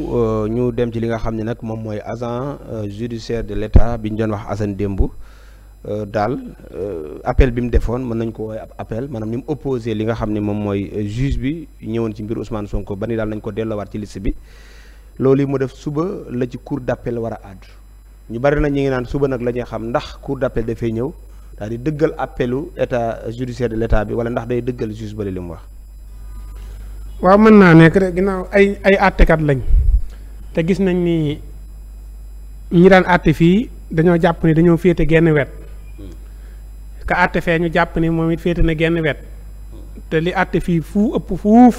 Euh, ñu dem ci li nga xam ne nag moom mooy agent euh, judiciaire de l'État bi ñu doon wax Assane Dembu euh, daal appel bi mu defoon mën nañ ko woowee ab appel maanaam ni mu opposé li nga xam ni moom mooy juge bi ñëwoon ci mbir Ousmane Sonko ba ni daal nañ ko dellowaat ci liste bi loolu yi mu def suba la ci cour d'appel war a àddu ñu bari na ñu ngi naan suba nag la ñuy xam ndax cour d'appel dafay ñëw daal di dëggal appelu état judiciaire de l'État bi wala ndax day dëggal juge ba li mu wax. waaw mën ay ay àttekat lañ. te gis nañ ni ñi daan àtte fii dañoo jàpp ni dañoo féete genn wet hmm. ka àtte fee ñu jàpp ni moom it féete na genn wet te li àtte fii fu ëpp fuuf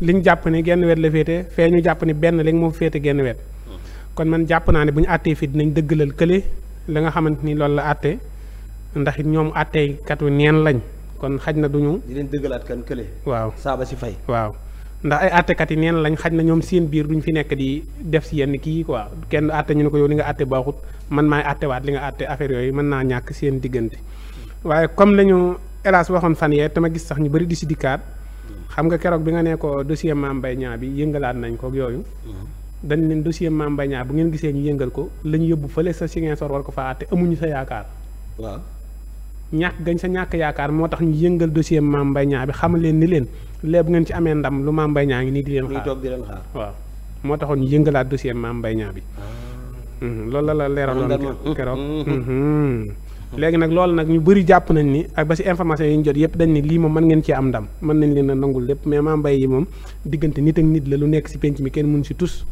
liñ jàpp ni genn wet la féete fee ñu jàpp ni benn léegi moo féete genn wet hmm. kon man jàpp naa ne bu ñu àttee fii dinañ dëggalal kële la nga xamante ni loolu la àtte ndax ñoom àtteekatu neen lañ kon xaj na duñu. dinañ dëggalaat kan kële. waaw saaba si fay waaw. ndax ay àttekat yi neen lañ xaj na ñoom seen biir duñ fi nekk di def si yenn kii quoi kenn àtte ñu ne ko yow li nga àtte baaxut man maay àttewaat li nga àtte affaire yooyu mën naa ñàkk seen diggante waaye comme la ñu hélas waxoon fan yee te ma gis sax ñu bëri di si dikkaat xam nga keroog bi nga nee ko dossier Mame Mbaye Niang bi yëngalaat nañ ko yooyu mm-hmm. dañ leen dossier Mame Mbaye Niang bu ngeen gisee ñu yëngal ko la ñu yóbbu fële sa Ziguinchor war ko fa amuñu sa yaakaar waaw ñàkk gañ sa ñàkk yaakaar moo tax ñu yëngal dossier Mame Mbaye Niang bi xamal leen ni leen lee bu ngeen ci amee ndam lu Mame mbayñaa ngi nii di leen xaar toog waaw moo taxoon ñu yëngalaat dossier Mame Mbaye bi ah. mm-hmm. loolu la la leeraloon keroog mm-hmm. Mm-hmm. léegi nag loolu nag ñu bari jàpp nañ ni ak ba si information yi ñu jot yëpp dañ ni lii moom mën ngeen ci am ndam mën nañ leen a nangul lépp mais Mame mbay yi moom diggante nit ak nit la lu nekk si penc mi kenn mun si tus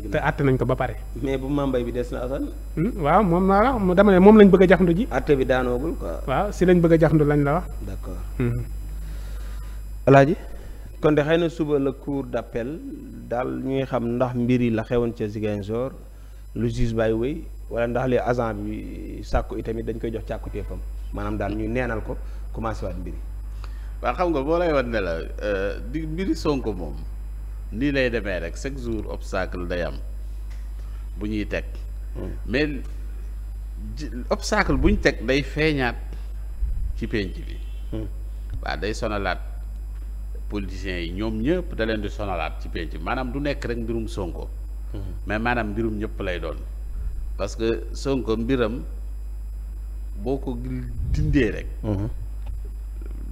te àtte nañ ko ba pare. mais bu mambay bi des na Assane. Hmm, waaw moom laa wax dama ne moom lañ bëgg a jaxandu ji. àtte bi daanoogul quoi. waaw si lañ bëgg a jaxandu lañ la wax. d'accord. Hmm. alaaji kon de xëy na suba la cour d'appel daal ñuy xam ndax mbir yi la xewoon ca Ziguinchor lu juge bàyyi wéy wala ndax li agent bi sàkku itamit dañ koy jox càkkutéefam maanaam daal ñu neenal ko commencé waat mbir yi. waaw xam nga boo lay wan ne euh, di mbiri Sonko moom. nii lay demee rek chaque jour obstacle day am bu ñuy teg hmm. mais obstacle bu ñu teg day feeñaat ci penc bi hmm. waaw day sonalaat politiciens yi ñoom ñëpp da leen di sonalaat ci penc bi maanaam du nekk rek mbirum Sonko hmm. mais maanaam mbirum ñëpp lay doon parce que Sonko mbiram boo ko dindee rek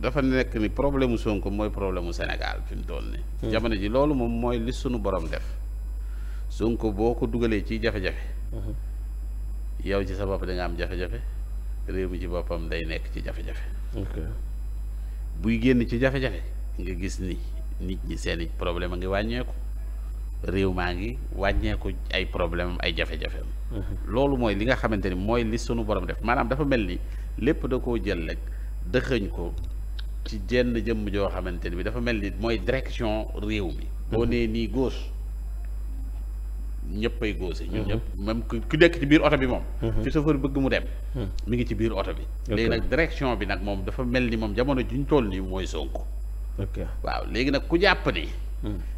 dafa nekk ni problème mu Sonko mooy problème mu Sénégal fi mu toll nii. Hmm. jamono ji loolu moom mooy li sunu borom def Sonko boo ko dugalee ci jafe-jafe. Hmm. yow ci sa bopp da am jafe-jafe réew ci boppam day nekk ci jafe-jafe. buy génn ci jafe nga gis ni nit ñi seen problème a ngi wàññeeku réew maa ngi wàññeeku ay problème ay jafe hmm. loolu mooy li nga xamante ni mooy li sunu borom def maanaam dafa mel ni lépp da koo jël rek dëxëñ ko. ci jenn jëmm joo xamante ni bi dafa mel ni mooy direction réew mi. boo nee nii gauche ñëppay gauche. ñun ñëpp mhm. même ku nekk ci biir oto bi moom. Mhm. bëgg mu dem. Mhm. mi ngi ci biir oto bi. léegi nag direction bi nag moom dafa mel ni moom jamono juñ toll nii mooy Sonko. waaw léegi nag ku jàpp ni.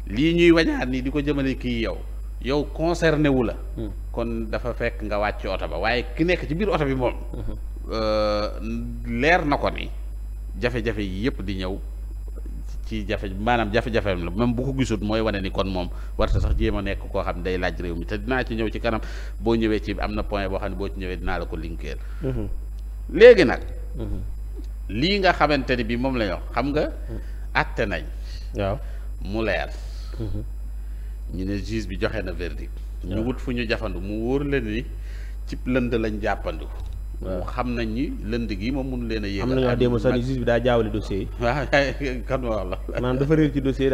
lii ñuy wañaar ni di ko jëmale kii yow. yow concerné wu la. kon dafa fekk nga wàcc oto ba waaye ki nekk ci biir oto bi moom. Euh, leer na ko ni. jafe-jafe yi yëpp di ñëw ci jafe maanaam jafe-jafeem la même bu ko gisut mooy wane ni kon moom warta sax jéem a nekk ko xam ne day laaj réew mi te dinaa ci ñëw ci kanam boo ñëwee ci am na point boo xam ne boo ci ñëwee dinaa la ko linkeel mm-hmm. léegi nag mm-hmm. lii nga xamante ni bi moom la ñu xam nga mm-hmm. atte nañ waaw mu leer ñu ne juge bi joxe na verdict ñu wut fu ñu jafandu mu wóor la ni cib lënd lañ jàppandiku xam nañ ni lënd gi moom mun leen a am na ñoo démb sax ni juge bi daa jaawale dossier yi waaw kan ma wax la maanaam dafa réer ci dossier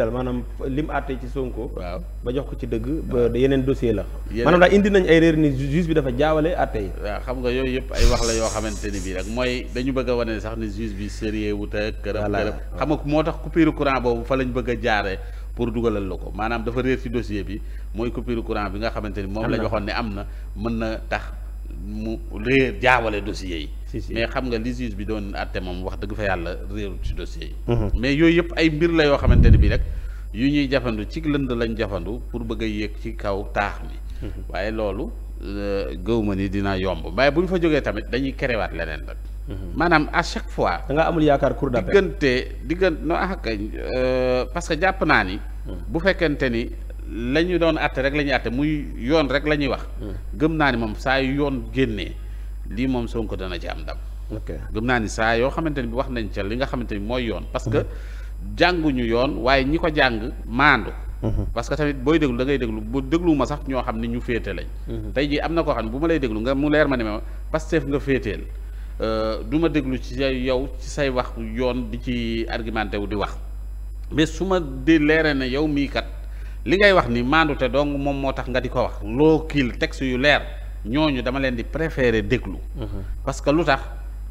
ko ci dëgg ba yeneen dossier la maanaam daal indi nañ ay réer ni juge bi dafa jaawale àtte yi waaw xam nga yooyu yëpp ay wax la yoo xamante ni bii rek mooy dañu bëgg a wane sax ni juge bi sérieux wut ak këram këram xam nga moo tax coupure courant boobu fa lañ bëgg a jaare pour dugalal la ko maanaam dafa réer ci dossier bi mooy coupure courant bi nga xamante ni moom lañ waxoon ne am na mu réer jaawale dossiers yi. mais xam nga li juge bi doon àtte moom wax dëgg fa yàlla réerul ci dossier yi. Mm-hmm. mais yooyu yëpp ay mbir la yoo xamante ne bii rek yu ñuy jafandu ci lënd lañ jafandu pour bëgg a yéeg ci kaw taax bi. Mm-hmm. waaye loolu euh, gëw ma ni dina yomb waaye bu ñu fa jógee tamit dañuy kerewaat leneen rek. Mm-hmm. maanaam a chaque fois. da nga amul yaakaar cour d'appel diggante diggante no ah euh, parce que jàpp naa ni. bu fekkente ni la ñu doon àtte rek lañuy ñuy àtte muy yoon rek la ñuy wax. Hmm. gëm naa ni moom saa yu yoon génnee lii moom Sonko dana ci am ndam. gëm naa ni saa yoo xamante ni bi wax nañ ca li nga xamante ni mooy yoon. parce que hmm. jànguñu yoon waaye ñi ko jàng maandu. Hmm. parce que tamit booy déglu da ngay déglu déglu ma sax ñoo xam ne ñu féete lañ. tey am na koo xam ne bu ma lay déglu nga mu leer ma ne ma Pastef nga féeteel euh, du ma déglu ci yow ci say wax yoon di ci argumenté wu di wax mais su ma di leeree ne yow mii kat. li ngay wax ni te dong moom moo tax nga di ko wax loo kiil texte yu leer ñooñu dama leen di préférer déglu parce que lu tax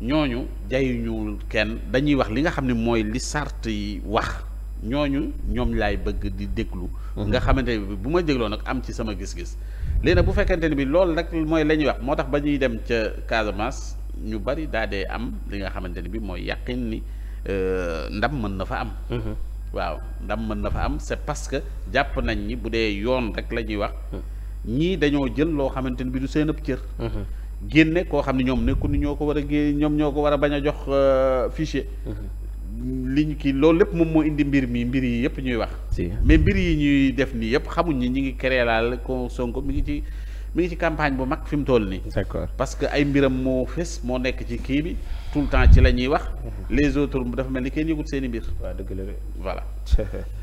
ñooñu jayuñu kenn dañuy wax li nga xam ne mooy li sart yi wax ñooñu ñoom laay bëgg di déglu nga xamante ne bi bu ma dégloo nag am ci sama gis-gis léegi bu fekkente ne bi loolu rek mooy la ñuy wax moo tax ba ñuy dem ca Casamance ñu bari daa am li nga xamante ni bi mooy yàqin ni euh, ndam mën na fa am waaw ndam mën na fa am c'est parce que jàpp nañ ni bu dee yoon rek la ñuy wax ñii dañoo jël loo xamante ni bi du seen ëpp cër génne koo xam ne ñoom nekku ni ñoo ko war a génne ñoom ñoo ko war a bañ a jox euh, fichier li ñu kii loolu lépp moom moo indi mbir mi mbir yi yëpp ñuy wax mais mbir yi ñuy def nii yëpp xamuñ ni ñu ngi créé laal ko Sonko mi ngi ci mi ngi ci campagne bu mag fi mu toll nii. d'accord parce que ay mbiram moo fës moo nekk ci kii bi tout temps ci la ñuy wax. Mhm. les autres dafa mel ni kenn yëgut seen mbir. waaw dëgg la voilà.